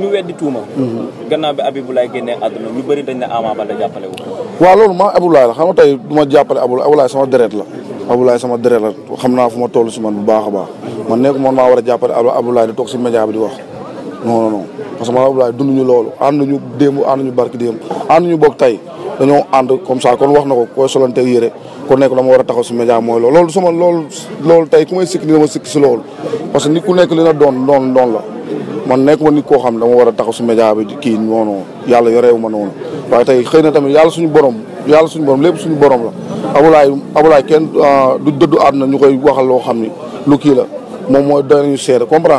ñu weddi tuuma. gannaaw bi Abibulaay génnee àdduna ñu bëri dañ ne Ama Baldé jàppale wu. waaw loolu ma Abibulaay la xam nga tey du ma jàppale Abibulaay sama deret la. Abibulaay sama deret la xam naa fu ma toll si man bu baax a baax. man nekk man maa war a jàppale Abibulaay di toog si média bi di wax. non non non parce que man Abibulaay dunduñu loolu ànd ñu démb ànd ñu barki démb ànd ñu bokk tey dañoo ànd comme ça kon wax na ko ko solante yére ko nekk dama war a taxaw si média mooy loolu loolu sama loolu loolu ku may sikk ni dama si loolu parce que nit ku nekk li na doon doon doon la man nekk ma nit koo xam ne dama war a taxaw si média bi kii noonu yàlla yoreewu ma noonu waaye tey xëy na tamit yàlla suñu borom yàlla suñu borom lépp suñu borom la abulaay abulaay kenn ah, du dëddu na ñu koy waxal loo xam ni lu kii la moom mooy danañu seere comprendre